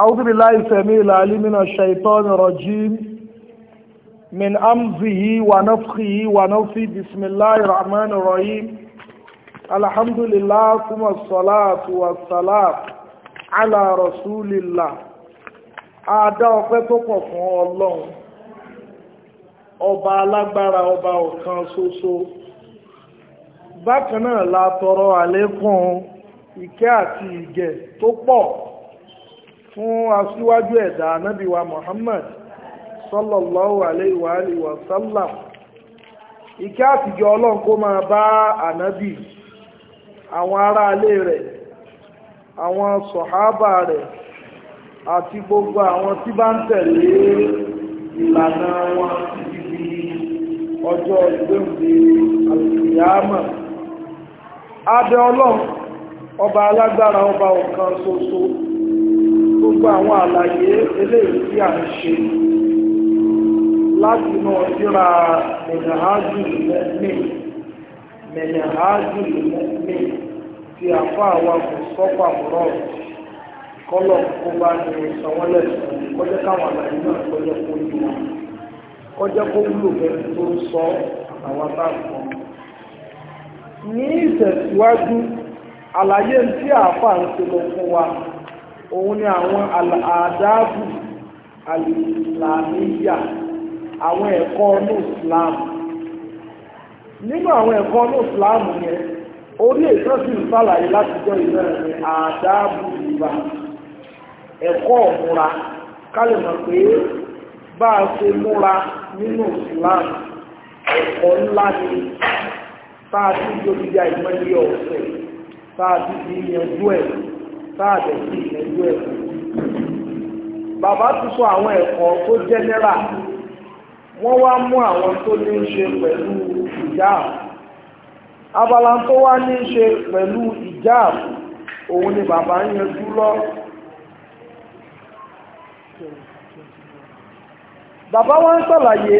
أعوذ بالله السميع العليم من الشيطان الرجيم من أمزه ونفخه ونفخه بسم الله الرحمن الرحيم الحمد لله ثم الصلاة والسلام على رسول الله Adá ọpẹ́ tó pọ̀ fún Ọlọ́run, ọba alágbára ọba ọ̀kan ṣoṣo. Bákan náà la tọrọ àlékún ìkẹ́ àti ìgẹ̀ tó pọ̀ fún aṣíwájú ẹ̀dá anábíwa Muhammad sallallahu alaihi wa alihi wa sallam ìkẹ́ àtijọ́ ọlọ́run kó máa bá ànábì àwọn ará alé rẹ̀ àwọn sọ̀hábà rẹ̀ àti gbogbo àwọn tí bá ń tẹ̀lé ìlànà wọn títí ọjọ́ ìgbéǹde àlùkìyámà abẹ́ ọlọ́run ọba alágbára ọba ọ̀kan soso. gbogbo àwọn àlàyé eléyìí tí a ń ṣe láti inú ọjọ́ra mẹ̀nàhájú lẹ́mí mẹ̀nàhájú lẹ́mí tí a àwa kò sọ́pà mọ́rọ̀ kọ́lọ̀ kó bá ní ìsanwọ́lẹ̀ kọjá káwọn àlàyé náà kó yí kó wúlò bẹ́ẹ̀ tó ń sọ àwọn bá ní ìtẹ̀síwájú àlàyé tí wa òun ni àwọn àdáàbù alìlàníyà àwọn ẹ̀kọ́ ní Islam nínú àwọn ẹ̀kọ́ ní Islam yẹn orí ìtọ́sí ìsàlàyé látijọ́ ìlú ẹ̀rìn àdáàbù ìgbà ẹ̀kọ́ ọ̀múra kálẹ̀ mọ̀ pé bá a ṣe múra nínú Islam ẹ̀kọ́ ńlá ni táà tí ìjọba ìgbà ìmọ̀ ilé ọ̀sẹ̀ táà tí ìyẹn jú sáàbẹ̀ sí ìlẹ́jú ẹ̀kọ́. Bàbá tún sọ àwọn ẹ̀kọ́ tó jẹ́nẹ́rà wọ́n wá mú àwọn tó ní í ṣe pẹ̀lú ìjáàbù. Abala tó wá ní í ṣe pẹ̀lú ìjáàbù òun ni bàbá ń yanjú lọ. Bàbá wa ń ṣàlàyé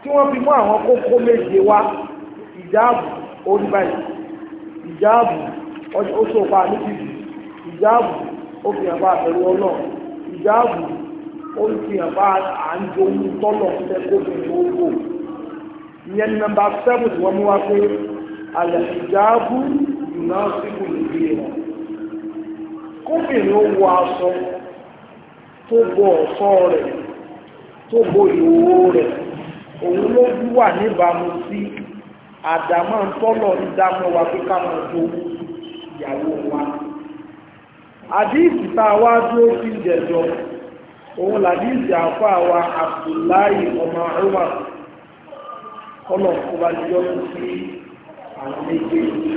tí wọ́n fi mú àwọn kókó méje wá ìjáàbù orí báyìí ìjáàbù ó ṣòfà ní bíbí ìjáàbù ó fi hàn bá àbẹ̀rù ọlọ́run ìjáàbù ó fi hàn bá àǹjọ ohun tọ́lọ̀ fẹ́ kóbìnrin ó wò ìyẹn ní nọ́mbà seven tí wọ́n mú wá pé àlẹ́ ìjáàbù ìná síkù nìbí rẹ̀ e kóbìnrin ó wọ aṣọ tó bo ọ̀ṣọ́ rẹ̀ tó bo ìhòòhò rẹ̀ òun ló wà níbàámu sí àdámọ́ ń tọ́lọ̀ ń dámọ́ wa pé ká máa jó ìyàwó wa. àdíìsì tá a wá dúró sí ìjẹjọ òun làdíìsì Abdullahi ọmọ ọmọ kọlọ ọba jíjọ tó sí àwọn méjèèjì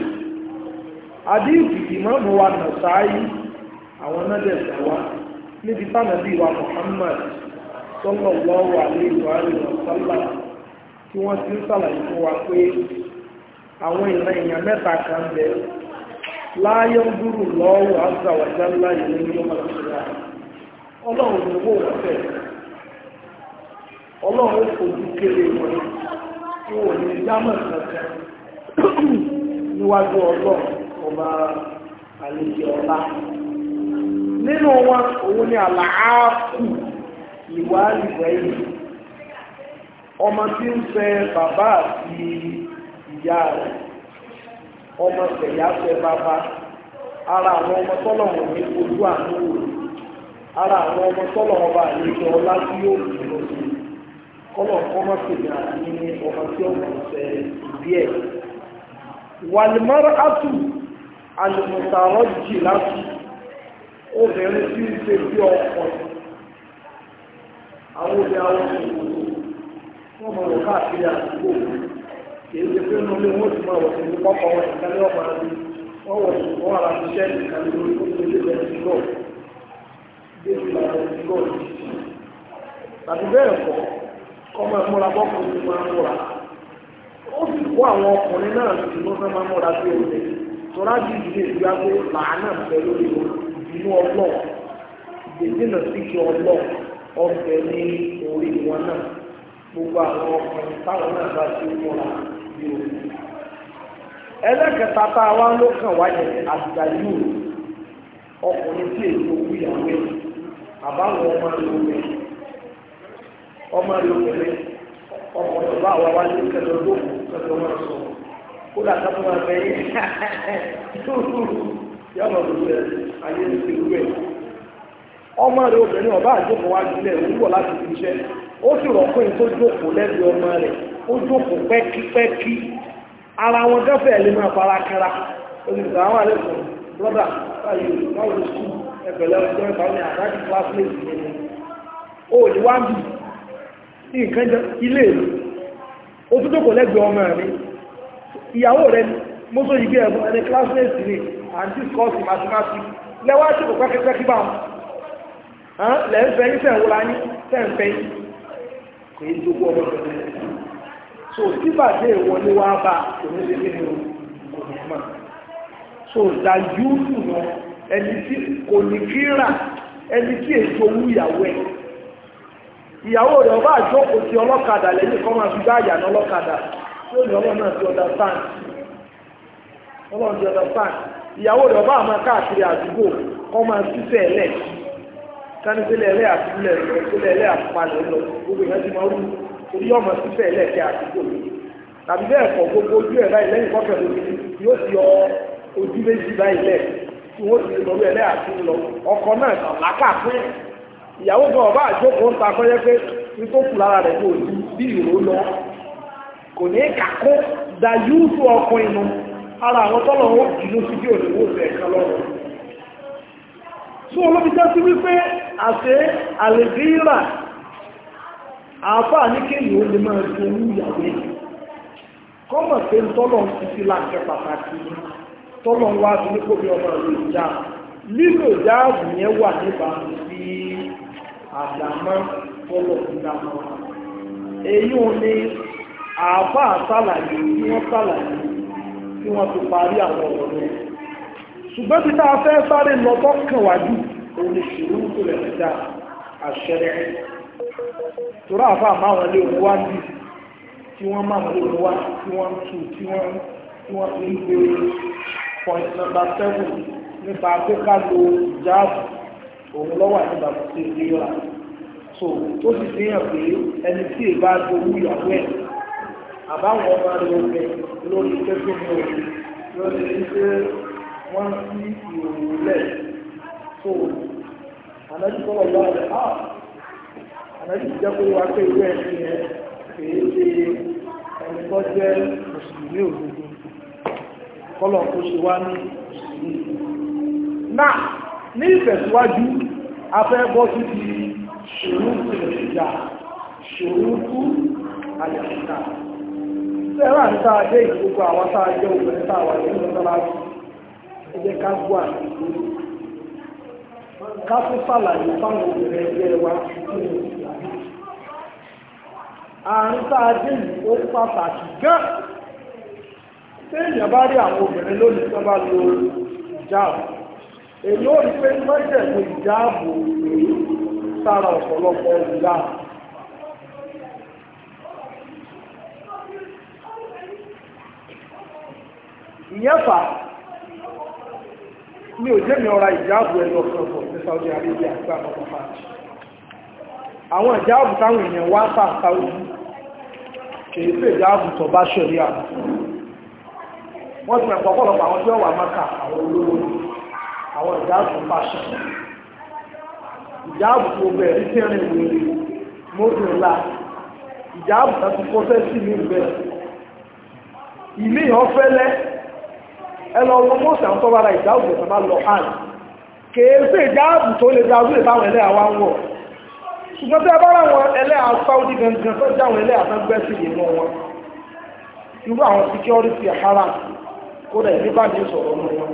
àdíìsì ìmọ̀mù wa Nàṣáyí àwọn nọ́dẹ̀sẹ̀ wa níbi wa Muhammad sallallahu alaihi wa alihi wa sallam tí wọ́n ti ń sàlàyé fún wa pé àwọn ìran èèyàn mẹ́ta kan bẹ̀rẹ̀ láyé ń dúró lọ́wọ́ àgbàwàjá láyé ní ọmọ ìṣẹ́lá ọlọ́run ní owó ọ̀fẹ́ ọlọ́run fojú kéré wọn wọn ò ní dámọ̀ kankan níwájú ọlọ́run ọba àlejò ọlá nínú wọn òun ni ìwà yìí ọmọ tí ń bàbá àti ìyá rẹ̀ ọmọ tẹ̀yà fẹ́ bàbá ara àwọn ọmọ tọ́lọ̀ wọn ní ojú àánú wò ara àwọn ọmọ tọ́lọ̀ wọn bá àlejò ọlá tí yóò fi lọ sí kọ́lọ̀ ọmọ tẹ̀yà ní ọmọ tí ó kàn fẹ́ ìbí ẹ̀. wàlìmọ́rọ́ àtù àlùmọ̀tàrọ́ jì láti obìnrin tí ń ṣe bí ọkọ̀ àwọn obìnrin àwọn ọmọ wọ́n mọ̀ wọ́n àdúgbò kìí ṣe pé inú ilé wọn ti máa wọ̀ sí ní pọ́pọ́ wọn nìkan ní ọ̀pọ̀ àti wọ́n wọ̀ sí wọ́n ara ṣiṣẹ́ nìkan ní orí fún ilé ìbẹ̀rẹ̀ sí gọ́ọ̀ dé ìlà ìbẹ̀rẹ̀ sí tàbí bẹ́ẹ̀ kọ́ kọ́ máa múra bọ́kùnrin ti máa múra ó sì kó ẹlẹ́kẹta tá a wá ló kàn wáyé àgbà yìí ọkùnrin tí èyí ya ìyàwó ẹ̀ àbáwọn ọmọ rẹ̀ òkú ọmọ rẹ̀ òkú ọmọ rẹ̀ bá wà wá ní kẹlẹ́ olóògùn kẹlẹ́ sọ kó máa bẹ yà máa lò ayé ọmọ ọba láti fi iṣẹ́ ó sì rọ̀ pé ó jókòó pẹ́kípẹ́kí ara wọn gẹ́fẹ̀ lè máa fara kẹra olùgbà àwọn àlẹ́kùn brọ́dà báyìí báwo ló sùn ẹgbẹ̀lẹ́ ọjọ́ ẹ̀fà ní àdájú classmate yẹn ó ní wá ń bì sí nǹkan jẹ ilé ìlú ó tún jókòó lẹ́gbẹ̀ẹ́ ọmọ rẹ ìyàwó rẹ mo sọ yìí bí ẹ̀bùn ẹni classmate ni and discuss mathematics lẹ́wọ́ àti òkú pẹ́kípẹ́kí bá wọn lẹ́ńfẹ́ yín fẹ́ wúra yín fẹ́ǹfẹ́ yín kò yí jókòó ọmọ rẹ so síbàjẹ́ ìwọlé wá bá oníṣẹ́ nínú ọ̀gbọ̀n so dájú ẹni tí kò ní kí rà ẹni tí èso ìyàwó ẹ̀ ìyàwó ọba ti ọlọ́kadà lẹ́yìn kan máa fi bá ọlọ́kadà tí ó ní ọlọ́ náà ti ọ̀dà ọlọ́run ti ọ̀dà ìyàwó ọba àmọ́ káàkiri àdúgbò kọ́ máa kánísílẹ̀ lọ gbogbo ti máa rú torí ọmọ sísẹ̀ ẹlẹ́ẹ̀kẹ́ àdúgbò mi tàbí bẹ́ẹ̀ kọ́ gbogbo ojú ẹ̀ báyìí lẹ́yìn kọ́kẹ́ lórí yóò ti ọ ojú méjì báyìí lẹ̀ tí wọ́n ti lọ́rú ẹlẹ́ àti lọ ọkọ náà làákà pé ìyàwó gan ọba àjókòó ń ta akọ́yẹ́ pé ní tó kù lára rẹ̀ kò ní bí ìró lọ kò ní kàkó da yúùtù ọkọ inú ara àwọn tọ́lọ̀ ó jùlọ sí bí òdìwó fẹ́ kan lọ́rọ̀ tí olóbi jẹ́ sí wípé àṣẹ àlèdíra àáfàá ní kéèyàn ó lè máa fi owó ìyàwó ẹ̀ kọ́mọ̀ pé tọ́lọ̀ ń fi láǹkẹ́ pàtàkì tọ́lọ̀ ń wá sí nípò bí ọmọ rẹ̀ ìjà lílo ìdáàbò yẹn wà níbàámu sí àdámọ́ tọ́lọ̀ ìdámọ́ èyí ò ní àáfàá sàlàyé tí wọ́n sàlàyé tí wọ́n ti parí àwọn ọ̀rọ̀ rẹ̀ ṣùgbọ́n tí táa fẹ́ sáré lọ́tọ́ kàn wájú òun ni ṣòro tó rẹ̀ dáa àṣẹrẹ́ torá àfà àmáwọn ilé òun wá bí tí wọ́n máa wọ́n lè wá tí wọ́n tù tí wọ́n tí wọ́n ti ń gbé point number seven nípa pé ká lo jáàbù òun lọ́wọ́ àti bàbá sí ilé wa so tó sì fi hàn pé ẹni tí ì bá gbowó ìyàwó ẹ̀ àbáwọn ọmọ rẹ̀ ọ̀fẹ́ lórí tẹ́tù mi ò lórí wípé wọ́n sí ìròyìn lẹ̀ so ànájú sọ̀rọ̀ lọ́wọ́ rẹ̀ ah lẹ́yìn jẹ́ pé wá pé ìwé ẹ̀sìn yẹn kìí ṣe ẹni tó jẹ́ mùsùlùmí òdodo kọ́lọ̀ kó ṣe wá ní mùsùlùmí. náà ní ìfẹ̀síwájú afẹ́ bọ́ sí ti ṣòro ìjà ṣòro a dé ìgbogbo àwọn tá a jẹ́ obìnrin tá a wà nínú mọ́sálásí ẹ jẹ́ ká gbọ́ àtìkú ká tún ṣàlàyé fáwọn obìnrin ẹgbẹ́ wa nínú ìjà àárín tá a dé yìí ó pàtàkì gán bá rí àwọn obìnrin lónìí tó bá lo ìjáàbù èyí ó rí pé mọ́jẹ̀mú ìjáàbù rèé sára ọ̀pọ̀lọpọ̀ ìyẹ́fà ní òjé mi ọra ìjáàbù ẹ̀yọ̀ kan bọ̀ ní Saudi Arabia gbà àwọn ìjáàbù táwọn èèyàn wá sàtàwò kìí pé ìjáàbù tó bá ṣẹ̀rí àmì wọ́n ti mẹ́pọ̀ ọ̀pọ̀lọpọ̀ àwọn tí ó wà mọ́ka àwọn olówó àwọn ìjáàbù fàṣẹ ìjáàbù tó bẹ̀rẹ̀ tí ẹ̀rìn ìwòye mọ́bìnlá ìjáàbù tàbí pọ́sẹ́ sí ní ìbẹ̀ ilé ìhàn fẹ́lẹ́ ẹ lọ lọ mọ́sẹ̀ àwọn tó bára ìjáàbù tó bá lọ hàn kìí pé ìjáàbù tó lè dáadúrẹ̀ táwọn ẹlẹ́ àwọn wọ̀ ṣùgbọ́n tí a bá ráwọn ẹlẹ́yà Saudi gangan tó jáwọn ẹlẹ́yà tó gbẹ́sì nínú wọn irú àwọn security haram kó dẹ̀ ní bàjẹ́ sọ̀rọ̀ mọ́ wọn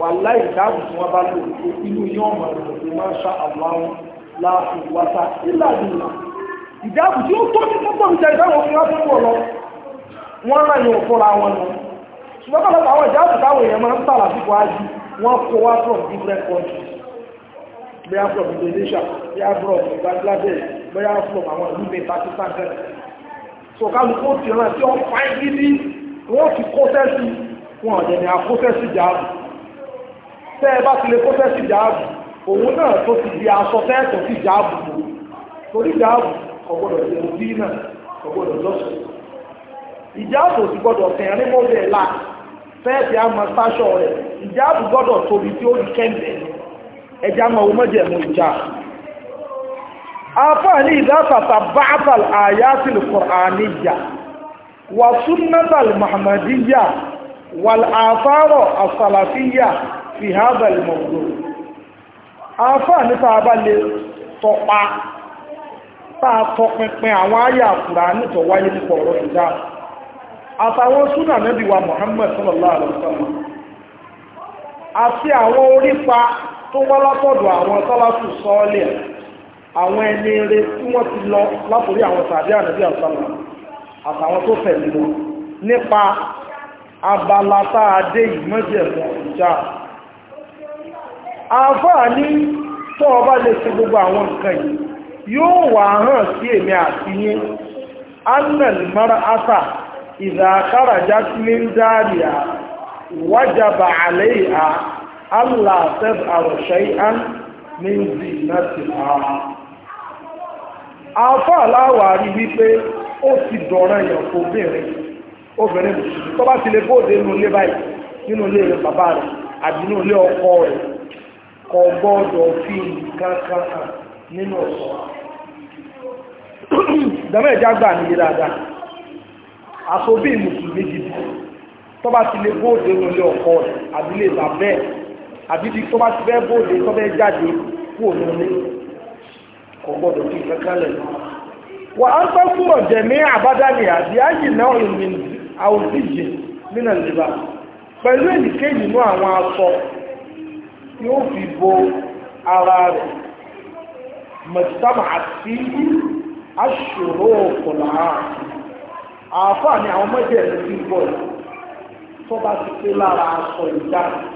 wà láì dáàbò tí wọ́n bá lò ó inú yín ọmọ rẹ̀ ló máa ń ṣá àwọn láàfin wáta nílà ìlà ìdáàbò tí ó tó ní púpọ̀ níta ìdáàbò fún wọn púpọ̀ lọ wọ́n rà ní òfúra wọn lọ ṣùgbọ́n pàtàkì àwọn ìdáàbò táwọn èèyàn máa ń tà lásìkò ájú wọ́n kó wá from different countries bóyá from Indonesia bóyá from Bangladesh bóyá from àwọn ìlú mi Pakistan tẹ́lẹ̀ so kálukú ti ràn tí wọ́n fa gidi wọ́n ti kó sẹ́sì wọn ọ̀dẹ̀ ni àkó sẹ́sì jáàbù tẹ́ ẹ bá ti lè kó sẹ́sì jáàbù òun náà tó ti di aṣọ tẹ́ẹ̀tọ̀ sí jáàbù torí jáàbù ọgbọ́dọ̀ ìlú bí náà ọgbọ́dọ̀ lọ́sùn ìjáàbù sì gbọ́dọ̀ tẹ̀rín mọ́bẹ̀ là fẹ́ẹ̀sì àmọ́ sáṣọ rẹ̀ ìjáàbù gbọ́dọ̀ tóbi tí ó rí kẹ́ńdẹ̀ẹ́ ẹjá mọ̀ owó mọ́jẹ̀mú ìjà afáà ní ìdásàtà báàtàl àyátìl kọ̀ránìyà wà súnnátàl mahamadiyya wàl àfárọ̀ àsàlàfíyà fi hábàl mọ̀gbọ̀ afáà ní tàbá a tọpa àwọn àyà kùránì tó wáyé nípa ọ̀rọ̀ ìjà àtàwọn súnà nábì wa sallallahu alaihi wasallam àti àwọn orípa tó wá látọ̀dọ̀ àwọn sálàfù sọ́ọ́lẹ̀ àwọn ẹni eré tí wọ́n ti lọ látòrí àwọn sàbí ànábì àsálà àtàwọn tó fẹ̀lú lọ nípa abala tá a dé ìmọ́jẹ̀mọ́ ìjà àfáà ní tó ọba lè ṣe gbogbo àwọn nǹkan yìí yóò wà hàn sí èmi àti yín annal mar'ata wajaba 'alayha Allah tẹ́bàrù ṣẹ́yán ní ìdí láti ara. Afọ́ aláwà rí wípé ti dọ̀rọ̀ èèyàn kò bèèrè obere mùsùlùmí tó bá ti lè bóde nínú ilé báyìí nínú ilé rẹ̀ bàbá rẹ̀ àbí nínú ilé ọkọ rẹ̀ kò gbọ́dọ̀ fi nǹkan nínú ọ̀sọ̀. gbà ti bóde nínú ilé àbí bí tó bá ti fẹ́ bóde tó fẹ́ jáde kú òun ní kò gbọdọ̀ fi kankan lẹ̀. wà á ń pẹ́ fúnrọ̀ jẹ̀mí àbádáni àbí áyì náà ìrìn àwòsíjì nínú ìlera pẹ̀lú ènìkéyìí inú àwọn aṣọ yóò fi bo ara rẹ̀ mọ̀títàmà àti aṣòro ọ̀pọ̀lá àáfàá ni àwọn mọ́jẹ̀ ẹ̀rọ ti ń bọ̀ tó bá ti pé lára aṣọ ìdáhùn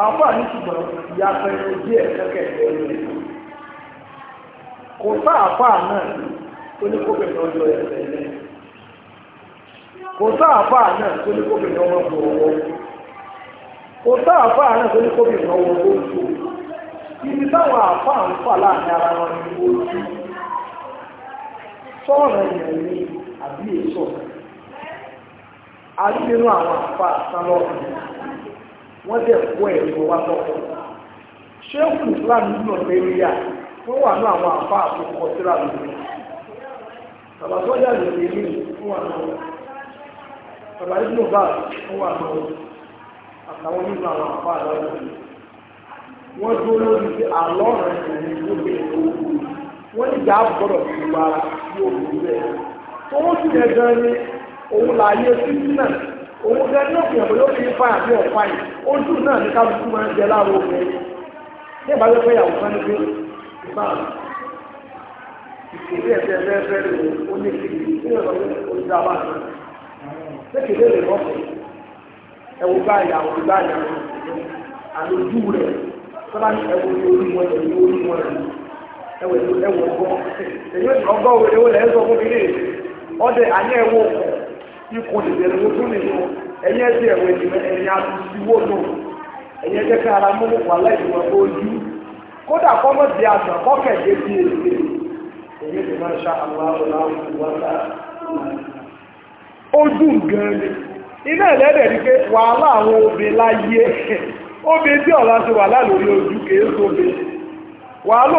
àwọn àní ṣùgbọ́n ìyá pẹ̀lú díẹ̀ kẹ́kẹ́ ẹ̀rọ kò sá àfà náà tó ní kó bẹ̀rẹ̀ ọjọ́ lẹ́ kò sá àfà náà tó ní kó bẹ̀rẹ̀ ọmọ bò ọwọ́ kò sá àfà náà tó ní kó bẹ̀rẹ̀ ibi táwọn ń fà láàrin ara wọn ni ó ti sọ́ọ̀rọ̀ àbí èso nínú wọ́n dẹ̀ kó ẹ̀rọ wá sọ́kọ̀ ṣéèkù islam nínú nàìjíríà wọ́n wà ní àwọn àfa àkókò síra lónìí bàbá sọ́jà lòdì ní fún wa náà bàbá ìdúró bá fún wa náà àtàwọn nínú àwọn àfa àdáwọ̀ wọ́n dúró lórí ti àlọ́ rẹ̀ lórí lórí ètò wọ́n ní ìjà àbúrò ìwà yóò lórí rẹ̀ tó wọ́n sì yẹ gan ni òun là yẹ sí sílẹ̀ òun jẹ́ ní òfin ọ̀pọ̀ lórí nípa àbí ọ̀pá yìí ojú náà ní kálukú máa ń jẹ láàrọ̀ obìnrin ní ìbájọ́ pé ìyàwó kan ní pé ìbá ìkéde ẹ̀fẹ́ ẹ̀fẹ́ rẹ̀ ó ní kí ní ọ̀rọ̀ ojú àbá rẹ̀ lékèdè rẹ̀ lọ́pọ̀ ẹ̀wò bá ìyàwó bá ìyàwó àlòjú rẹ̀ sábà ní ẹ̀wò ní orí wọn rẹ̀ ní orí wọn rẹ̀ ẹ̀wò ẹ̀wò ọgọ́ ẹ̀yọ́ ọgọ́ òwe ikú ìbẹ̀rẹ̀ lójú nìyó ẹ̀yẹ́ ti ẹ̀wọ̀ ìdìbò ẹ̀yìn àtúnṣiwó nù ẹ̀yẹ́ jẹ́ ká ara mú wà láìpẹ́ ojú kódà kọ́mọ̀ di àgbà kọ́kẹ̀dé bí èdè ẹ̀yẹ́ ti ṣá àwọn àwọn àwọn ojú gan ni iná ẹ̀lẹ́dẹ̀ ni pé wàhálà àwọn obìnrin láyé obìnrin tí ọ̀la ti wà lálórí ojú kìí wàhálà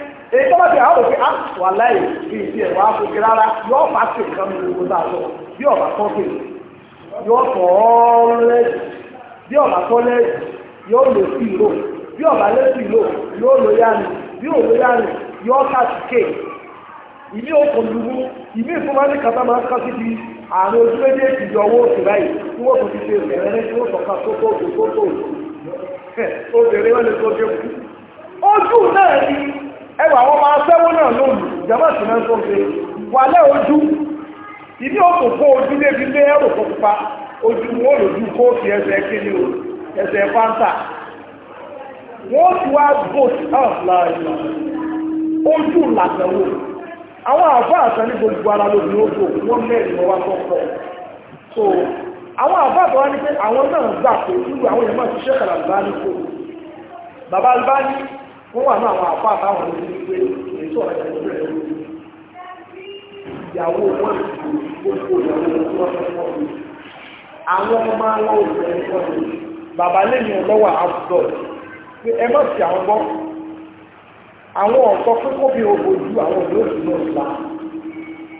èyí tó bá ti àwọn òkè wà láì fi ìdí ẹ̀ wá fún rárá yóò bá ṣe nǹkan mi gbogbo tá a sọ bí ọ̀bà tó ṣe yóò tọ̀ ọ́ lẹ́yìn bí ọ̀bà tó lẹ́yìn yóò lò sí ìlò bí ọ̀bà lẹ́sìn ìlò yóò lò yánu bí òwò yánu yóò kàtìkè ìní òkùn dùgbù ìní ìfúnmání kàtà máa ń kà sí di àrùn ojú méjèèjì yọ owó òsì báyìí tí wọ́n ti ṣe ìrẹ̀lẹ́ tí wọ́n sọ̀ka tó tó òkú tó tó òkú obìnrin wọn lè tó dé kú ojú náà ni ẹwà àwọn ọmọ asẹ́wó náà lónìí ìjọba sì náà tó ṣe wà lẹ́ ojú ìdí òkú ojú débi lé ẹrù pupa ojú wọn kóòtù kíni o ẹsẹ̀ fanta wọ́n wá boat gbogbo ara lóbi ó bò so àwọn àbá pé àwọn náà gbà pé irú àwọn wọ́n wà ní àwọn àpá àtàwọn ọmọ ìlú pé èso ọ̀rẹ́ ẹ̀kọ́ rẹ̀ ló ti ìyàwó wọn gbogbo ìyàwó wọn tó wọ́n fẹ́ wọ́n mi àwọn ọmọ máa ń lọ́wọ́ ìfẹ́ ẹ̀kọ́ mi bàbá lẹ́yìn ọlọ́wọ́ àbùdọ̀ pé ẹ má sì àwọn gbọ́ àwọn ọ̀tọ́ pé kó bí òbò ju àwọn òbí òsì náà la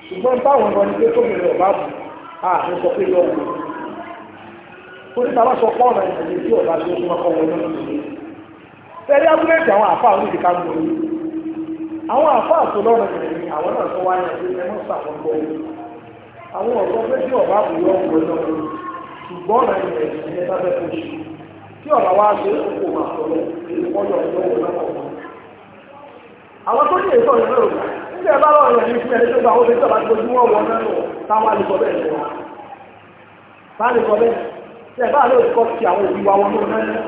ṣùgbọ́n báwọn ọmọ ní pé tó bẹ̀rẹ̀ ọ̀bá bù á ní sọ pé yọ̀ wọ́n ó ní tàbá sọ pọ́ọ̀nà ìtàgé tí ọ̀bá tó ń kọ́ wọn náà sẹ́rí ábúlẹ̀tì àwọn àfáà ní ìdíkà gbòòrò àwọn àfáà tó lọ́rùn rẹ̀ ni àwọn náà tó wá ní ẹgbẹ́ sàwọn bọ́ àwọn pé tí ọ̀bá ṣùgbọ́n ọ̀nà sábẹ́ ṣù tí ọ̀bá wá ṣe kókò sọ̀rọ̀ àwọn tó ṣe ìsọ̀rọ̀ náà nígbà bá lọ́rùn rẹ̀ fún ẹni tó gba owó tó wọn wọn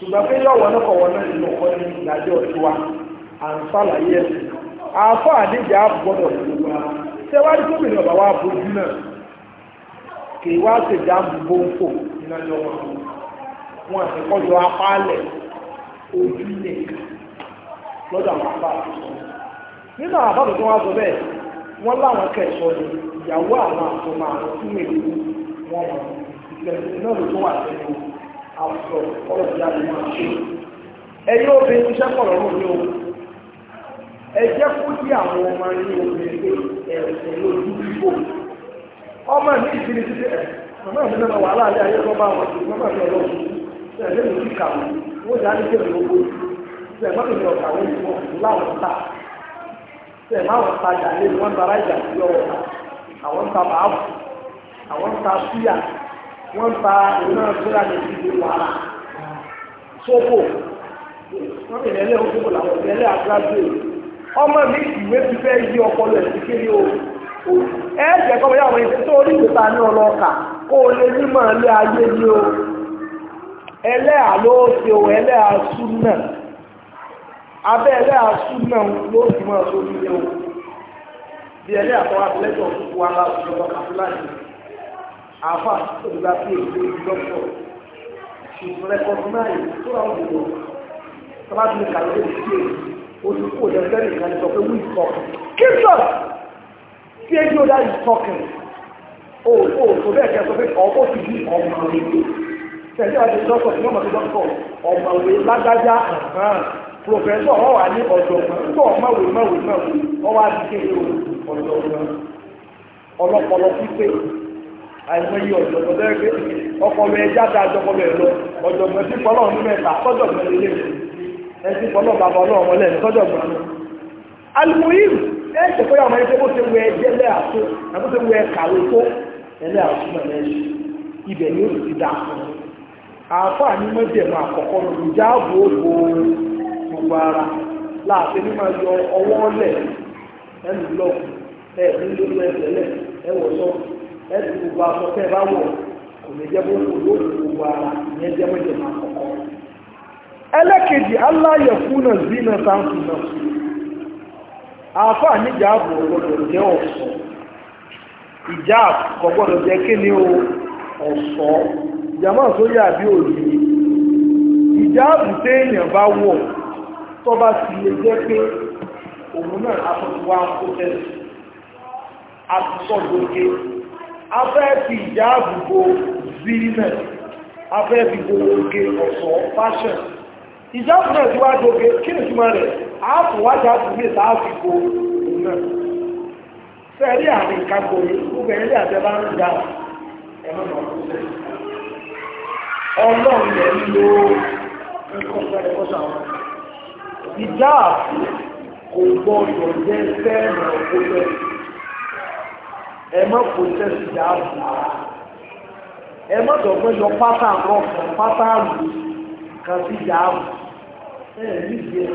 ṣùgbọ́n pé yọ̀wọ̀ náà kọ̀wọ́ náà nínú ọkọ ní ìdájọ́ tiwa à ń sàlàyé ẹ̀sìn àfọ́ àdéjà gbọ́dọ̀ gbogbo ara ṣé wàá dúró bìnrin ọ̀bà wa bójú náà kì í wá ṣèjà àbúgbó ń fò iná ní ọmọ wọn àti kọjọ apálẹ̀ ojú nìkan lọ́dọ̀ àwọn àbá nínú àwọn àbá tuntun wa sọ bẹ́ẹ̀ wọ́n láwọn kẹsọ̀ ni ìyàwó àwọn àtọmọ àwọn tí wọ́n èlò wọn mọ̀ ìṣẹ̀lẹ̀ náà ló tún wà sẹ́yìn àwùjọ ọ̀rọ̀ ìyá ni ṣe ẹ̀yìn obìnrin iṣẹ́ pọ̀ lọ́rùn ní o ẹ jẹ́ kó dí àwọn ọmọ ní obìnrin lójú ọmọ mi ti títí màmá mi náà wà ayé tó bá wọn ní gbogbo láwọn ta ta jà lé wọn bara ìjà sí ọwọ́ wọ́n ta iná sóra lè fi di wàrà sóko wọ́n fi lẹ́lẹ́ òkúkú làwọn lẹ́lẹ́ àgbájú ọmọ mi ìwé ti fẹ́ yí ọpọlọ ẹ̀sìn kiri o ẹ jẹ́ kọ́ bẹ́ẹ̀ àwọn ìṣẹ́ tó rí ìgbésà ní ọlọ́ọ̀kà kó o lè nímọ̀ ẹlẹ́ ayé ni o ẹlẹ́ àlóòsè o ẹlẹ́ àsúnà abẹ́ ẹlẹ́ àsúnà ló sì mọ̀ ọ́ sórí o bí ẹlẹ́ àtọ́wá sílẹ̀ tó ń fún wa láti ọkọ̀ kàfúláì àfà tó ti bá sí èdè dọ́kítọ̀ ṣùgbọ́n rẹ́kọ̀tìmáì tó rà ọ̀dùn lọ sábà tó lè kàwé lórí sí èdè oṣù kò lè fẹ́ nìkan sọ pé wíì sọ kíkọ̀ tí èdè ọ̀dà yìí sọkẹ̀ o o tó bẹ́ẹ̀ kẹ́ sọ pé ọkọ̀ fi di ọmọ rẹ̀ tẹ̀lé àti dọ́kítọ̀ tí wọ́n mọ̀ sí dọ́kítọ̀ ọmọ rẹ̀ lágbájá àhán pòfẹ́sọ̀ ọ̀ wà ní ọ̀jọ̀gbọ́n tó ọ̀mọ̀wé mọ̀wé mọ̀wé ọ wá di kéde ọ̀jọ̀gbọ́n àìmọye ọ̀jọ̀gbọ́n lẹ́gbẹ́ ọkọ̀lọ́ ẹja da ọjọ́gbọ́n rẹ̀ lọ ọ̀jọ̀gbọ́n tí kọ́lọ́ ọ̀hún mẹ́ta tọ́jọ̀gbọ́n lélẹ̀ ẹtí kọ́lọ́ bàbá ọlọ́run ọlẹ́ tọ́jọ̀gbọ́n nù. alimuhim ẹ ṣe pé àwọn ẹgbẹ́ bó ṣe wẹ ẹjẹ́ lẹ́ àtó àbó ṣe wẹ kàwé tó ẹlẹ́ àtúmọ̀ lẹ́yìn ibẹ̀ ni ó ti dà fún un. àáfàá ni mọ́jẹ̀mọ́ àkọ́kọ́ ló ń jáàbò ògbó gbogbo ara láàfin ní máa yọ ọwọ́ lẹ̀ ẹnu lọ́ọ̀kù ẹ̀ nílò ẹsẹ̀ lẹ̀ ẹ̀ wọ̀ sọ́ọ̀kù ẹ̀sì gbogbo aṣọ tẹ́ ẹ bá wọ̀ kò lè jẹ́ bóyá kò lóòrùn gbogbo ara ìyẹn jẹ́ mẹ́jẹ̀ máa kọ̀kọ́. ẹlẹ́kejì aláyẹ̀ fúnà zina sáǹtì náà àáfà níjà ààbò gbọdọ̀ jẹ́ ọ̀ṣọ́ ìjà kò gbọdọ̀ jẹ́ kí ni o ọ̀ṣọ́ ìjàmọ́ sórí àbí òyìnbí ìjà ààbò téèyàn bá wọ̀ tó sì lè jẹ́ pé òun náà aṣọ ti wá kó tẹ́lẹ̀ àti sọ́dọ̀ kéèké afẹ́ fi ìdáàbòbò zínẹ̀ afẹ́ fi gbòògè ọ̀sọ̀ fashion ìjáàbò náà tí wá gbòògè kí ni túnmọ̀ rẹ̀ ààfò wá jáàbò ní ìta àfikò náà fẹ́rí àrin ìkagbò obìnrin lè àjẹbá ń ga ọlọ́run lẹ̀ ń lo ìjáàbò kò gbọ́ ìrọ̀jẹ́ fẹ́ràn ọkọ̀ ẹ má kó iṣẹ́ sí ìyá àbùkù ẹ má dọ̀gbọ́n yọ pátá rọ pátá àlù kan sí ìyá àbùkù ẹ nídìí ẹ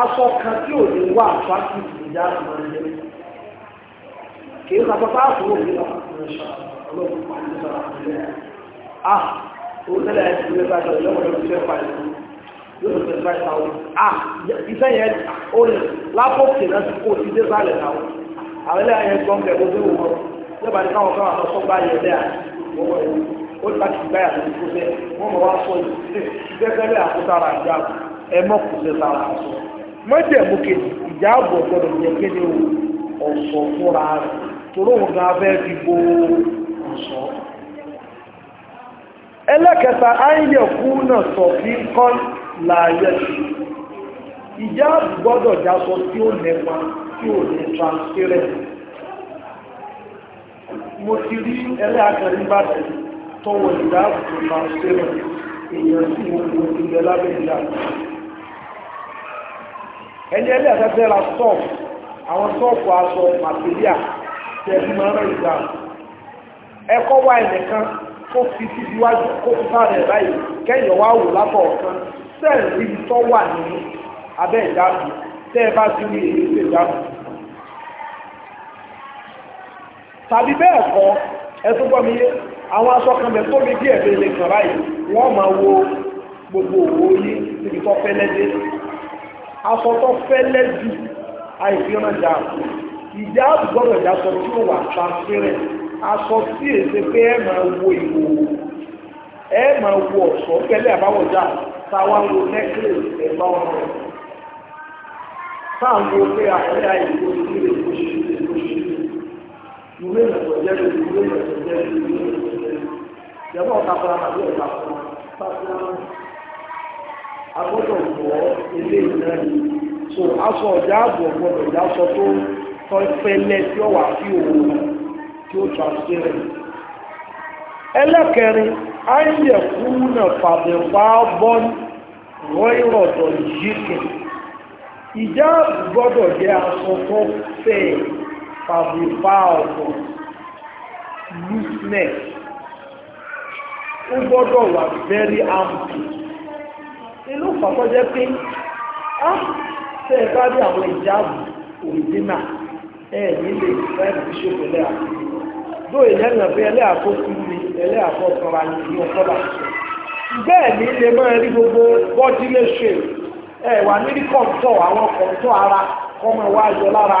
aṣọ kan tí ò ní wà fásitì ìyá àbùkù máa ń yẹ kì í sàpá bá àbúrò mi lọ ọlọ́run máa ń sọ̀rọ̀ àbúrò ah òun tẹ́lẹ̀ ẹ̀ ti lè yóò lọ tẹ̀lé báyìí ah iṣẹ́ yẹn ó lè lápò kìnnà sí kó o dé sálẹ̀ náà àwọn ẹlẹ́yà yẹn gbọ́n kẹ́ gbogbo ìwọ̀n yóò bá ní káwọn káwọn lọ sọ́gbà yẹ bẹ́ẹ̀ àtúntò ó ní láti gbá yàtọ̀ tó bẹ́ẹ̀ wọ́n mọ̀ wá sọ ìgbẹ́gbẹ́lẹ́ àkótára ìjà ẹ mọ̀ kù sí sára sọ. mọ́jẹ̀mú kejì ìjà ààbò gbọ́dọ̀ jẹ́ kéde o ọ̀sọ̀ fúnra rẹ̀ torí òun gan abẹ́ fi bo ọ̀sọ̀. ẹlẹ́kẹta ayẹ̀kú náà sọ fí kán láàyè ìjà ààbò gbọ́dọ̀ já sọ tí ó nẹ́pa mo ti rí ẹlẹ́ àkàrí bá ti tọwọ́ ìdáàbò máa ṣe rẹ̀ èèyàn sí ohun ilẹ̀ lábẹ́ ìyá ẹni ẹlẹ́ àtẹ́tẹ́ ra sọ́ọ̀pù àwọn sọ́ọ̀pù aṣọ màtíríà tẹ̀lú máa rẹ̀ ìgbà ẹkọ́ wá ẹnìkan kó fi síbi wájú kó fi sáà rẹ̀ báyìí kẹ́yìn wá wò lápọ̀ ọ̀kan sẹ́ẹ̀rì tó wà ní abẹ́ ìdáàbò tẹ́ bá ti rí èyí ìdáàbò tàbí bẹ́ẹ̀ kọ́ ẹtún gbọ́ mi yé àwọn aṣọ kan bẹ̀ tó mi bí ẹ̀fẹ́ lè kàn báyìí wọ́n máa wo gbogbo òwò yìí níbi tó fẹ́lẹ́ dé aṣọ tó fẹ́lẹ́ jù àìfihàn jà ìjà gbọ́dọ̀ jà sọ tí ó wà pàṣẹrẹ aṣọ tí èsè pé ẹ máa wo ìwò ẹ máa wo ọ̀ṣọ́ pẹ́lẹ́ àbáwọ̀já táwa ń wo necklace ẹ̀ bá wọn rẹ̀ táà ń wo pé àkọ́lé àìsí oṣù nílé ìwé ìrẹ̀sọ̀ jẹ́ lórí ìwé ìrẹ̀sọ̀ jẹ́ lórí ìwé ìrẹ̀sọ̀ jẹ́ lórí. ìjọba ọ̀tá fún ara àbí ọ̀tá fún fásitì agbọ́dọ̀ wọ̀ ilé ìrìnà yìí so aṣọ ọ̀já àbọ̀ gbọ́dọ̀ ìjà aṣọ tó fẹ́lẹ́ tí ó wà sí òun tí ó transparent. ẹlẹ́kẹrin ayé kúnà fàbẹ̀fà bọ́n rọ́ìrọ̀dọ̀ yìí kẹ̀ ìjà àbọ̀ gbọ́dọ̀ jẹ́ aṣọ tó fẹ́ẹ̀ fàbùfáàbù looseness ó gbọ́dọ̀ wà very àmì inú pàtó jẹ́ pé á ah, tẹ́ bá rí àwọn ìjáàbù òrìdínà ẹ nílé ní ìlú bẹ́ẹ̀ ni ilé máa rí gbogbo bọ́dí léṣe ẹ wà nílí àwọn ara kọ́mọ lára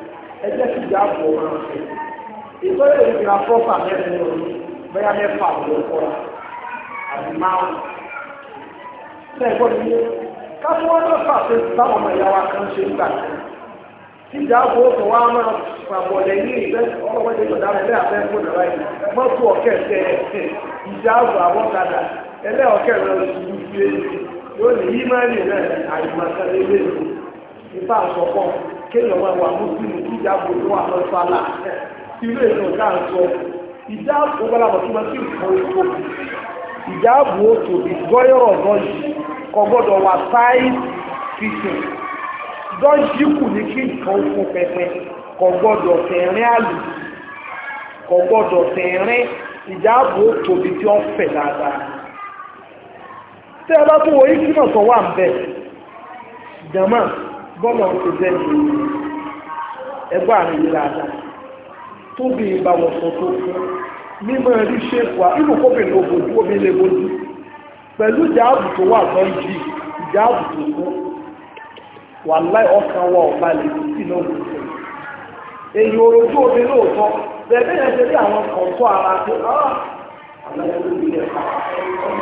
ẹjẹ́ sì já bọ̀ wọn fẹ́ ìtọ́jú ìgbà fọ́fà mẹ́rin ló ní bẹ́yà mẹ́fà ló kọ́ àbí márùn sẹ́gbọ́n mi yé káfí wọn náà fàṣẹ báwọn ọmọ ìyá wa kan ṣe ń gbà tí ìjà bọ̀ ọkọ̀ wa máa pàbọ̀ lẹ́yìn ìgbẹ́ ọlọ́wọ́dé ìgbà rẹ̀ lẹ́yìn abẹ́ fún ìrọ̀lá yìí mọ́tò ọ̀kẹ́ tẹ ìjà bọ̀ àwọn kadà ẹlẹ́ ọ̀kẹ́ rẹ̀ lọ́sùn ìgbé yóò ní yí máa ń rìn náà àyùmọ̀kẹ́ ìjáàbò tó wà lọ́sọ́ àlà ilé ìlú ọ̀gá àṣọ ìjáàbò gbọ́dọ̀ tó máa ti kọ́ owó ìjáàbò tòbí gọ́yọ̀rọ̀ gọ́jì kò gbọ́dọ̀ wà táì fìtìn gọ́jì kù ní kí nǹkan fún pẹpẹ kò gbọ́dọ̀ tẹ̀rín àlù kò gbọ́dọ̀ tẹ̀rín ìjáàbò tòbí tí ó fẹ̀ dáadáa tẹ́ ẹ bá tún wọ ikú náà sọ wà ń bẹ̀ jama bọ́ọ̀lù ọ̀sẹ̀ bẹ́ẹ̀ ẹgbẹ́ àmì yìí dáadáa tó bí ibà wọ̀ sọ tó fún mímọ́ rí ṣéèkù à ìlú kóbìnrin ò bójú omi lè bójú pẹ̀lú ìjáàbù tó wà tán jì ìjáàbù tó kún wà láì ọkàn wọ ọ̀bá lè fi sí náà kù sí èyí ọ̀rọ̀ tó omi lóòótọ́ bẹ̀rẹ̀ yẹn ṣe bí àwọn kan tó ara tó ah àwọn ẹgbẹ́ mi lè pa ẹgbẹ́ mi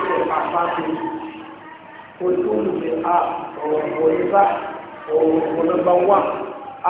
lè pa ah.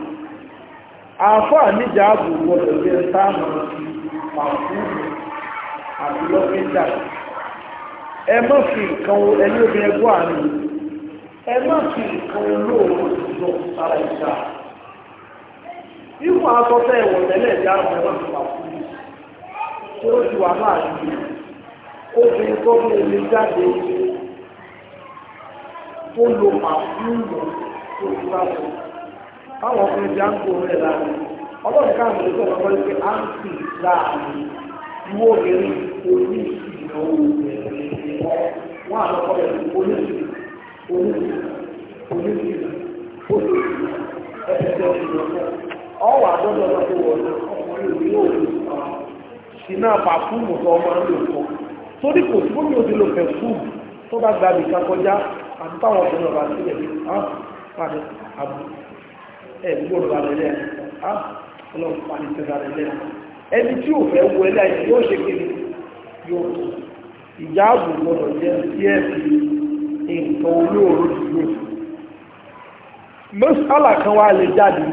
àáfàá níjà àbùkù ọ̀sẹ̀ jẹ́ táàmù pàǹkú àti lọ́kẹ́jà ẹ má fi nǹkan ẹni obìnrin ẹgbọ́ àárín ẹ má fi nǹkan olóòrò lọ sára ìjà ìwọ̀n asọ́fẹ́ ẹ̀wọ̀n tẹ́lẹ̀ ìjà àbùkù ẹ má fi pàǹkú tó ti wà máa yí obìnrin tó fi èmi jáde tó lo pàǹkú tó ti bá sọ̀rọ̀. awọn ọkùnrin ti á ń kó rẹ̀ láàrin ọlọ́run káwọn ọkùnrin tó wọ́n pé á ń sì láàrin ìwọ obìnrin orí ìnáwó wọn àlọ́kọ́ rẹ̀ oníṣì oníṣì oníṣì oníṣì ẹ̀ẹ́dẹ́ tó tó máa ń lò kò sí òdi lò tó bá gba àbíkà kọjá àti táwọn sílẹ̀ ẹ̀ eh, gbọ́dọ̀ wà lẹ́lẹ́ ah, ọlọ́run pa ní tẹ́lá lẹ́lẹ́ ẹni tí ò fẹ́ wọ ẹlẹ́ àyè yóò ṣe kéde yóò ìjáàbò gbọ́dọ̀ jẹ́ sí ẹ̀sì nǹkan olóòrò dúró mọ́sálà kan wá lè jáde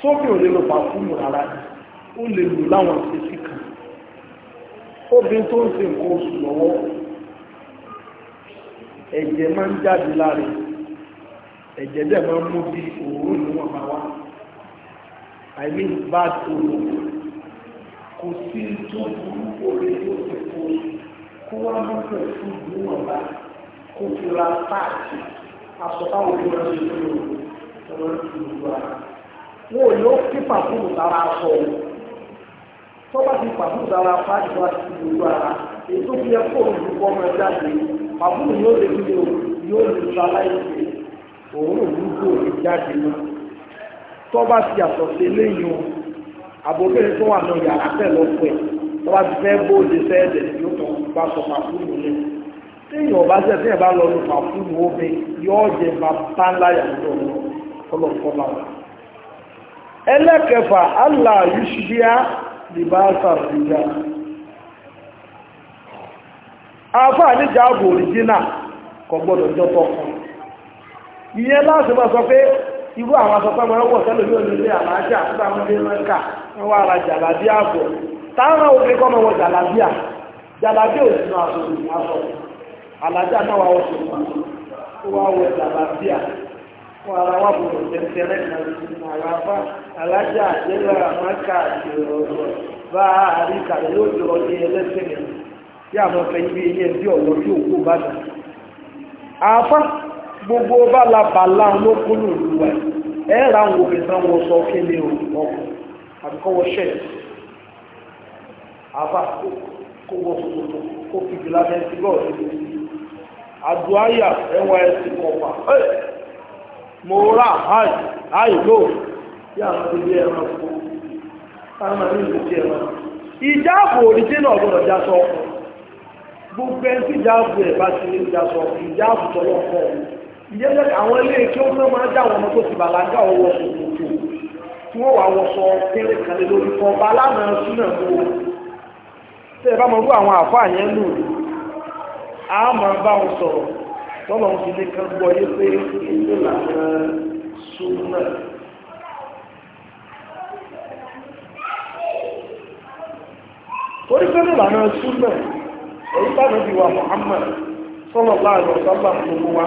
sókè ò lè lọ pa fún mi rárá ó lè lò láwọn ìṣesí kan obìnrin tó ń ṣe nǹkan oṣù lọ́wọ́ ẹ̀jẹ̀ máa ń jáde lára ẹ̀jẹ̀ dẹ̀ máa ń mú bí òórùn ní wọn máa wá i mean bad òórùn kò sí tó burú orí tó fẹ́ kó kó wá mú pẹ̀ fún ìlú wọn bá kó fi ra páàkì aṣọ táwọn òbí wọn ṣe lórí ọ̀rọ̀ ìlú ara wọn ò ní ó kí pàfúrù sára aṣọ wọn tó bá ti pàfúrù sára páàkì wá sí ìlú ara èyí tó fi ẹ kó òun lùkọ́ ọmọ ẹ jáde pàfúrù yóò lè fi yóò lè fi aláìsí òórùn wúgbò ní jáde lọ tó bá ti yàtọ̀ sí eléyìí o àbòbìnrin tó wà náà yàrá tẹ̀ lọ́pọ̀ ẹ̀ tó bá ti fẹ́ bóde sẹ́ẹ̀dẹ̀ yóò tọ̀ bá sọ pàfúùmù rẹ̀ téèyàn ọba jẹ́ téèyàn bá lọ lu pàfúùmù omi yóò jẹ bàbá ńlá yàtọ̀ ọlọ́kọ́lá wọn. ẹlẹ́kẹfà allah yusufiya libasa rija afa ni jaabu orijina kò gbọdọ̀ jọ tọkàn ìyẹn láti bá sọ pé irú àwọn asọ́pá mọ́ ọ̀pọ̀ tẹ́lẹ̀ ní onílé àlàájá àtúbà wọn dé mẹ́ka wọn wá ara jàlábí àbọ̀ táwọn obìnrin kọ́ mọ́ jàlábí à jàlábí ò sínú àsọ̀rọ̀ ìwàsọ̀ àlàájá náà wà wọ́n sọ̀rọ̀ ó wá wọ jàlábí à wọn ara wà bọ̀ tẹ́tẹ́rẹ́ kan sínú àlàájá gbogbo bálabàlá ló kún ní ìlú wa ẹ ra àwọn obìnrin wọn sọ kéde ọkọ àbíkọwọ ṣẹlẹ̀ àbá kó wọ sòkòtò kó fìdí lábẹ́ ti bọ ọdún àdúáyà nysc kọfà mo rà áì áì lò bí àwọn ilé ẹran kó táwọn ní ìlú ti ẹran ìjáàbò òdìdé náà gbọ́dọ̀ já sọ gbogbo ẹni tí ìjáàbò ẹ bá ti ní ìjà sọ ìjáàbò tọlọpọ ọhún ìyẹ́lẹ́ àwọn ilé tí ó náà máa dá àwọn ọmọ tó ti bàlágà ọwọ́ òkú tí wọ́n wà wọ́n kéré kan lórí kan ọba aláàmọ̀ súnà mú o tẹ́ ẹ bá mọ̀ rú àwọn àfáà yẹn lò á máa bá wọn sọ̀rọ̀ tọ́lọ̀ ń fi lé kan gbọ́ yé pé ilé làwọn súnà torí pẹ́lú ìlànà súnà èyí bá mi bí wa Muhammad sọ́lọ̀ láàrin ọ̀sán gbà gbogbo wa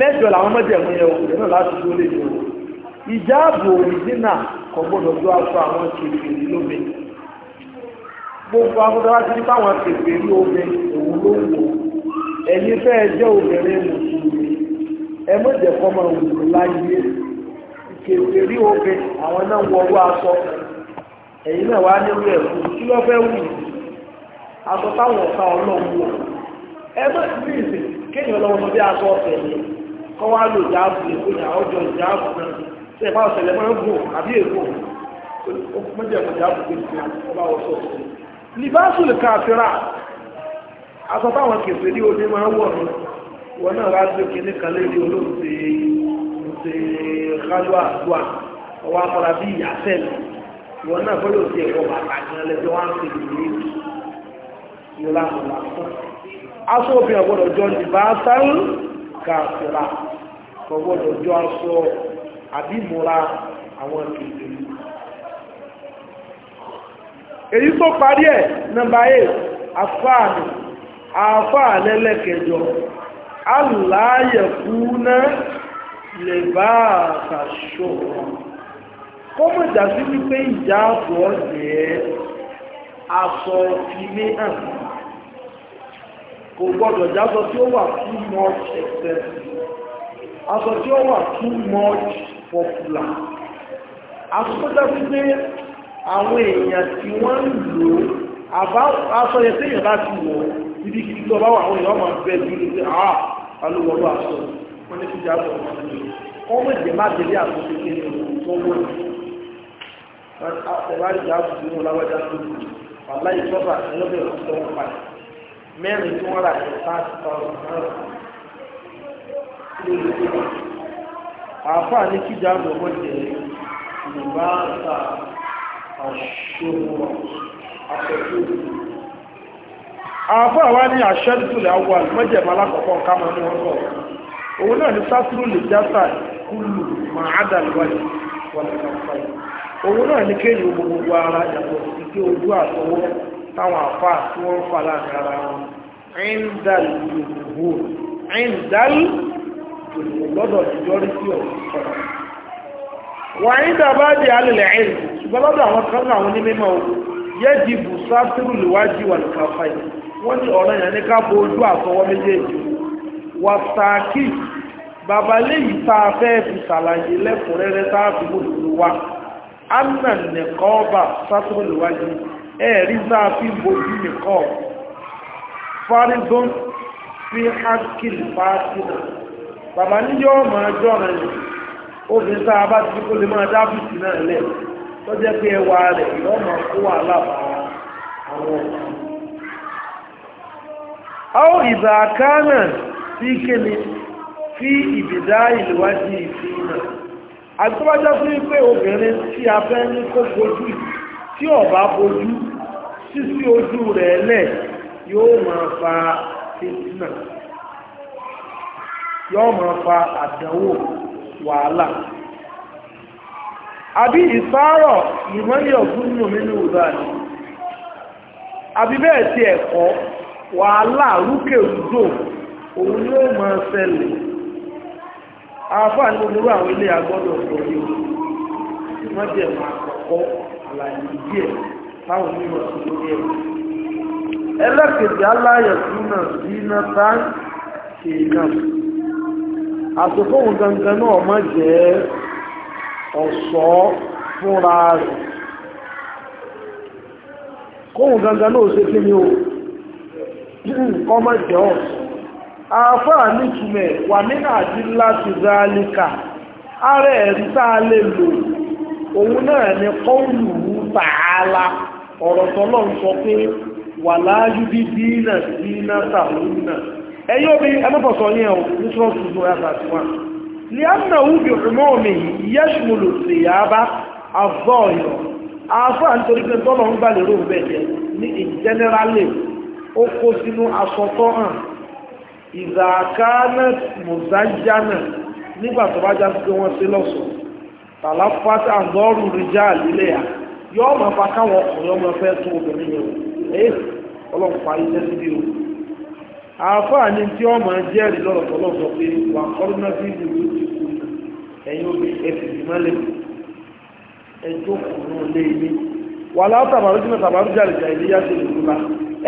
mẹ́jọ làwọn mọ́jẹ̀mú yẹn òkú náà láti tó lè yọ ìjáàbò òrìjínà kò gbọdọ̀ tó aṣọ àwọn lómi gbogbo agbọdọ̀ láti ní báwọn kèfèrí omi òun ló wò ẹ̀yin fẹ́ jẹ́ obìnrin mùsùlùmí ẹ máa wù ú láyé omi àwọn náà wọ ọwọ́ aṣọ ẹ̀yin náà ẹ̀kú kí ló fẹ́ wù ẹ kéèyàn kọ́ wá lò jáàbù èkó ní àwọn ọjọ́ ìjáàbù náà ṣe ìpá ọ̀sẹ̀lẹ̀ máa ń gùn àbí èkó mọ́jẹ̀mọ̀ jáàbù pé ti ọba ọ̀sọ̀ ọ̀sẹ̀ libasu lè ka àfẹ́rà aṣọ táwọn kèfè ní oní máa ń wọ̀ ní wọn náà wá sí kìíní kan lérí olóòtú ṣe kálúwà àdúà ọwọ́ akọ́ra bí ìyàsẹ́ wọn náà fọ́ yóò ti ẹ̀kọ́ bàtà kan lẹ́jọ́ wá ń ṣe ìrírí ìlànà làkọ́ aṣọ òfin àgbọ̀dọ̀ jọ libasan káàkiri kọ̀wọ́ lọ́jọ́ aṣọ àbímúra àwọn kìtìrì èyí tó parí ẹ̀ nọmba 8 àfáàdì àfáàlẹ́lẹ́kẹjọ aláyẹ̀kú náà lè bá àṣàṣọ́rọ̀ kọ́mọ̀ ìdásí wípé ìjà àbọ̀ jẹ́ aṣọ fi ní àmì kò gbọ́dọ̀ jásọ tí ó wà too much excessive aṣọ tí ó wà too much popular aṣọ́jọ́ wípé àwọn èèyàn tí wọ́n ń lò aṣọ yẹ tí èèyàn bá ti wọ̀ ibi kìí tó bá wà àwọn èèyàn máa bẹ́ẹ̀ bí i pé àà ah, alówọ́lú aṣọ wọ́n ní kíjà aṣọ wọn ní ọmọ ìjẹ má délé aṣọ kékeré tó wọ́n ní àtẹ̀wárí ìjà aṣọ tí wọ́n láwájá tó mẹ́rin tí wọ́n rà ní five thousand naira ní kíjà àgbọ̀gbọ̀ jẹ́ ìgbà àtà àṣòwò àṣẹjú àáfàá wa ní àṣẹjú lè awọ àlùmọ́jẹ̀mọ́ alákọ̀ọ́kọ́ máa ní wọ́n bọ̀ òun náà ní lè jásà kúlù òun náà ní kéèyàn gbogbo ara yàtọ̀ sí pé ojú àtọwọ́ táwọn àfà tí wọ́n fà láàrin ara wọn ẹ̀ńdàlùgbò ẹ̀ńdàlùgbò lọ́dọ̀ ìjọrí sí ọ̀rọ̀ wà ní dàbá di alìlẹ̀ ẹ̀rì ṣùgbọ́n lọ́dọ̀ àwọn kan náà wọn ní mímọ́ o yẹ́ di bùsá sírù lùwájú wà ní káfà yìí wọ́n ní bàbá léyìí tá fẹ́ fi ṣàlàyé lẹ́kùnrẹ́rẹ́ tá fi mú lùwà anna nìkọ́ bà sátúrò lùwájú yìí ẹ̀rí sáà fi bojú nìkan farizon fi hakil fatina bàbá ní yọ́ ma jọ́ rẹ̀ obìnrin sáà bá ti kó lè máa dábìtì náà lẹ̀ tó jẹ́ pé ẹwà rẹ̀ yọ́ ma kó wà lábàá àwọn àwọn tí a bojú sísí ojú rẹ̀ lẹ̀ yóò máa fa fitna yóò máa fa àdánwò wàhálà àbí ìsáárọ̀ ìmọ́lẹ̀ ọ̀gbún nù nínú ìbáàdì àbí bẹ́ẹ̀ tí ẹ̀kọ́ wàhálà rúkèrúdò òun ni ó máa ṣẹlẹ̀ àfáà ní gbogbo àwọn ilé agbọ́dọ̀ sọ yìí wọ́n jẹ̀ máa kọ́kọ́ àlàyé díẹ̀ táwọn onímọ̀ sí lórí ẹ̀ ẹlẹ́kẹ̀ẹ́dì sí iná náà àtòkóhùn gangan náà jẹ́ ọ̀ṣọ́ ni o jẹ́ ọ̀ṣọ́ àfáà wà záálíkà ara ẹ̀rí lè lò òun ọ̀rọ̀ tọ́lọ́ ń sọ pé wà láájú bí dínà dínà tàbínà ẹ̀yọ́ bí ẹmọ́bọ̀sọ̀ yẹn o ní trọ́sù tó yàtà tí wọ́n ní àmà wúbi òmìnirì yẹ́ṣùmùlù sí yàbá àzọ́ọ̀yọ̀ afọ́ àntorí pé tọ́lọ̀ ń gbà lérò bẹ̀jẹ̀ ní ìjẹ́nẹ́rálì ó kó sínú asọ́tọ́ hàn ìzàkánà mùsájánà nígbà tó bá já sí pé wọ́n sí lọ́sọ̀ọ́ tàlàfàtà àzọ́ọ̀rù rìjáàlì lẹ́yà yọ ọmọ ọba káwọn ọkùnrin ọmọ ẹfẹ tún obìnrin yẹn ẹ ọlọ́run parí lẹ́sí bí o àáfàá ni tí ọmọ jẹ́rìí lọ́rọ̀ tọ́lọ́ sọ pé wà kọ́rọ́nà bí ìlú ti kú ẹ̀yin obì ẹ̀sìn ìmọ̀lẹ̀ ẹjọ́ kùnú lé ilé wà látàbàrú jìnnà tàbàrú jáde jà ilé yá sílẹ̀ ìlú la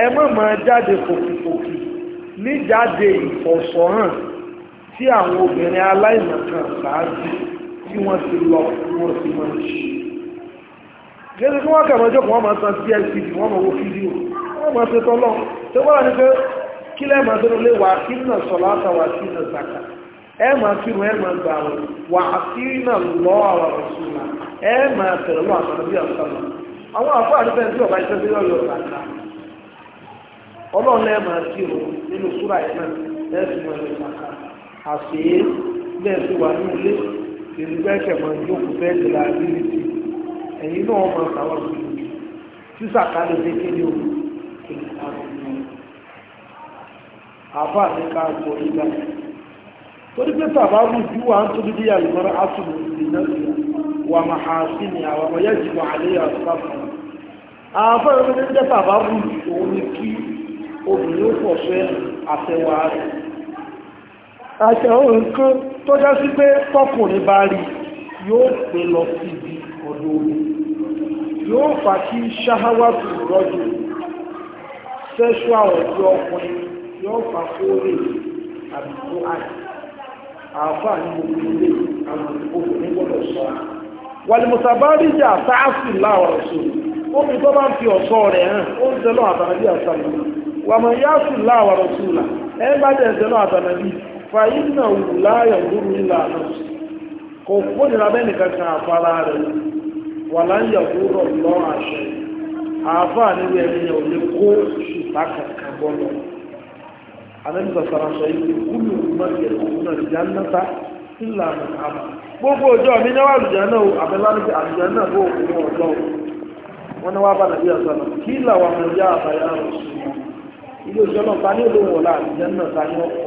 ẹ má máa jáde fòkìfòkì níjáde ìfọ̀sọ̀hàn tí àwọn obìnrin aláìmọ̀kan ṣáájú tí wọ́n ti lọ wọ́n ti máa ń ṣe jẹ́sí kí wọ́n kẹ̀mọ́ jókòó wọ́n máa san csc wọ́n máa wo fídíò wọ́n máa ṣe tọ́lọ́ tó gbọ́dọ̀ ní pé kí lẹ́ máa tẹ́lẹ̀ lé wà kí nà sọ̀lá àtàwà sí nà zaka ẹ máa kírun ẹ máa gbà wọn wà sí nà lọ àwọn ọ̀ṣunà ẹ máa tẹ̀lẹ̀ lọ àtàwọn bí ẹ̀yin náà mọ̀ sáwọn ìlú sísà kálẹ̀ dé kéde òun kí n ká lọ sí wọn. àbá mi ká gbọ́ ìgbà torí pé bàbá mi bí wà ń tóbi bí àlùmọ́rọ́ àtúnú ìdìnnà wà máa ha sí ni àwọn ọmọ yẹn jù wà àléyà sáfà àbá mi ní jẹ́ bàbá mi òun ni kí obìnrin ó pọ̀ fẹ́ àtẹwà rẹ̀ àtẹwà nǹkan tó já sí pé tọkùnrin bá rí yóò pè lọ síbi ọ̀dọ̀ yóò fà kí ṣáháwàtù rọ́jù sẹ́ṣuà ọ̀dọ̀ ọkùnrin yóò fà àyè àáfà ní gbogbo ilé sọ sáàsì omi tó bá ń fi rẹ̀ hàn ó ń zẹ́lọ́ àtàràbí àtàràbí wàmọ̀ yáàsì láwọ̀ ọ̀ṣọ́ là ẹ̀ bá dẹ̀ zẹ́lọ́ àtàràbí fàyínà wù láyọ̀ lórí ìlànà kò kó nira kan àfara rẹ̀ wà láyà wúrọ̀ lọ àṣẹ àáfàá nínú ẹni yẹn ò lè kó ṣùtá kankan bọ́ lọ alẹ́nu sàṣàrà sọ yìí kúlù mọ́tẹ̀ òun náà ìjà ń náta ńlá àmà gbogbo ọjọ́ mi náwó àlùjá náà àbẹ̀lánìkì àlùjá náà bó òun ọjọ́ wọn náwó abá nàbí àṣàlọ kí làwọn ọmọ ìyá àbáyá rẹ̀ sùn ilé ìjọ náà ta ní olóhùn ọ̀la àlùjá náà ta ní ọkọ̀